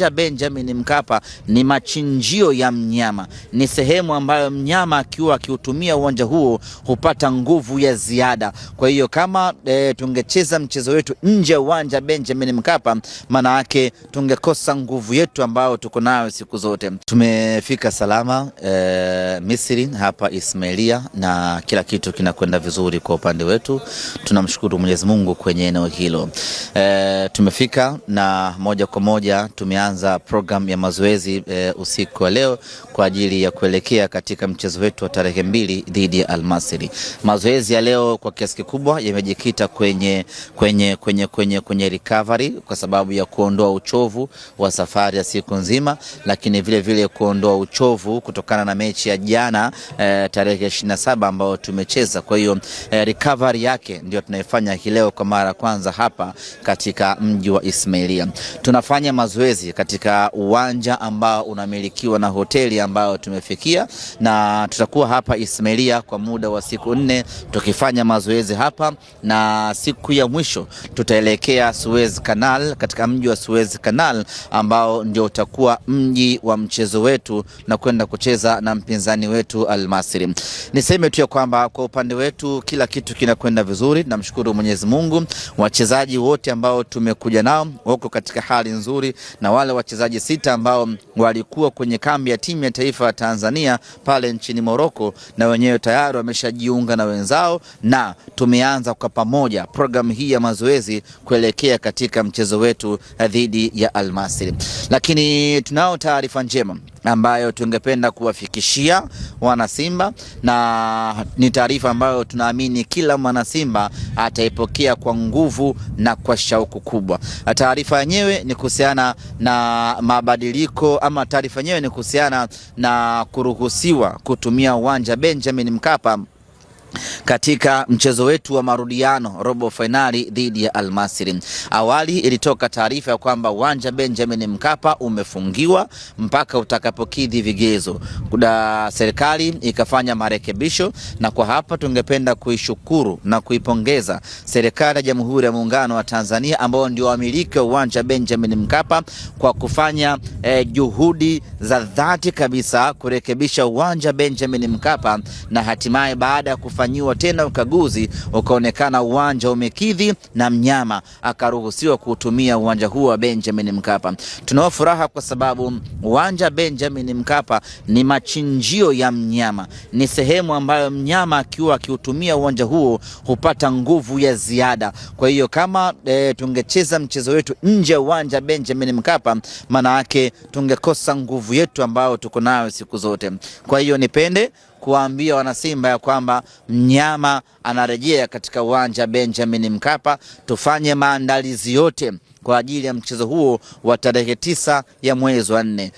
ja Benjamin Mkapa ni machinjio ya mnyama, ni sehemu ambayo mnyama akiwa akiutumia uwanja huo hupata nguvu ya ziada. Kwa hiyo kama e, tungecheza mchezo wetu nje ya uwanja Benjamin Mkapa, maana yake tungekosa nguvu yetu ambayo tuko nayo siku zote. Tumefika salama e, Misri hapa Ismailia, na kila kitu kinakwenda vizuri kwa upande wetu. Tunamshukuru Mwenyezi Mungu kwenye eneo hilo. E, tumefika na moja kwa moja tumia tumeanza programu ya mazoezi e, usiku wa leo kwa ajili ya kuelekea katika mchezo wetu wa tarehe mbili dhidi ya Almasiri. Mazoezi ya leo kwa kiasi kikubwa yamejikita kwenye, kwenye, kwenye, kwenye, kwenye recovery kwa sababu ya kuondoa uchovu wa safari ya siku nzima, lakini vile vile kuondoa uchovu kutokana na mechi ya jana e, tarehe 27 ambayo tumecheza. Kwa hiyo e, recovery yake ndio tunaifanya hii leo kwa mara ya kwanza hapa katika mji wa Ismailia. Tunafanya mazoezi katika uwanja ambao unamilikiwa na hoteli ambayo tumefikia, na tutakuwa hapa Ismailia kwa muda wa siku nne tukifanya mazoezi hapa, na siku ya mwisho tutaelekea Suez Canal, katika mji wa Suez Canal ambao ndio utakuwa mji wa mchezo wetu na kwenda kucheza na mpinzani wetu Al Niseme tu ya kwamba kwa upande wetu kila kitu kinakwenda vizuri, namshukuru Mwenyezi Mungu. Wachezaji wote ambao tumekuja nao wako katika hali nzuri na wale wachezaji sita ambao walikuwa kwenye kambi ya timu ya taifa ya Tanzania pale nchini Moroko, na wenyewe tayari wameshajiunga na wenzao, na tumeanza kwa pamoja programu hii ya mazoezi kuelekea katika mchezo wetu dhidi ya Almasri. Lakini tunao taarifa njema ambayo tungependa kuwafikishia wanasimba na ni taarifa ambayo tunaamini kila mwanasimba ataipokea kwa nguvu na kwa shauku kubwa. Taarifa yenyewe ni kuhusiana na mabadiliko ama taarifa yenyewe ni kuhusiana na kuruhusiwa kutumia uwanja Benjamin Mkapa katika mchezo wetu wa marudiano robo fainali dhidi ya Almasiri. Awali ilitoka taarifa ya kwamba uwanja Benjamin Mkapa umefungiwa mpaka utakapokidhi vigezo. kuda serikali ikafanya marekebisho, na kwa hapa tungependa kuishukuru na kuipongeza serikali ya Jamhuri ya Muungano wa Tanzania ambao ndio wamiliki wa uwanja Benjamin Mkapa kwa kufanya eh, juhudi za dhati kabisa kurekebisha uwanja Benjamin Mkapa na hatimaye baada ya kufanya kufanyiwa tena ukaguzi, ukaonekana uwanja umekidhi na mnyama akaruhusiwa kuutumia uwanja huo wa Benjamin Mkapa. Tunao furaha kwa sababu uwanja Benjamin Mkapa ni machinjio ya mnyama, ni sehemu ambayo mnyama akiwa akiutumia uwanja huo hupata nguvu ya ziada. Kwa hiyo kama e, tungecheza mchezo wetu nje ya uwanja Benjamin Mkapa, maana yake tungekosa nguvu yetu ambayo tuko nayo siku zote. Kwa hiyo nipende kuwaambia wanasimba ya kwamba mnyama anarejea katika uwanja Benjamin Mkapa. Tufanye maandalizi yote kwa ajili ya mchezo huo wa tarehe tisa ya mwezi wa nne.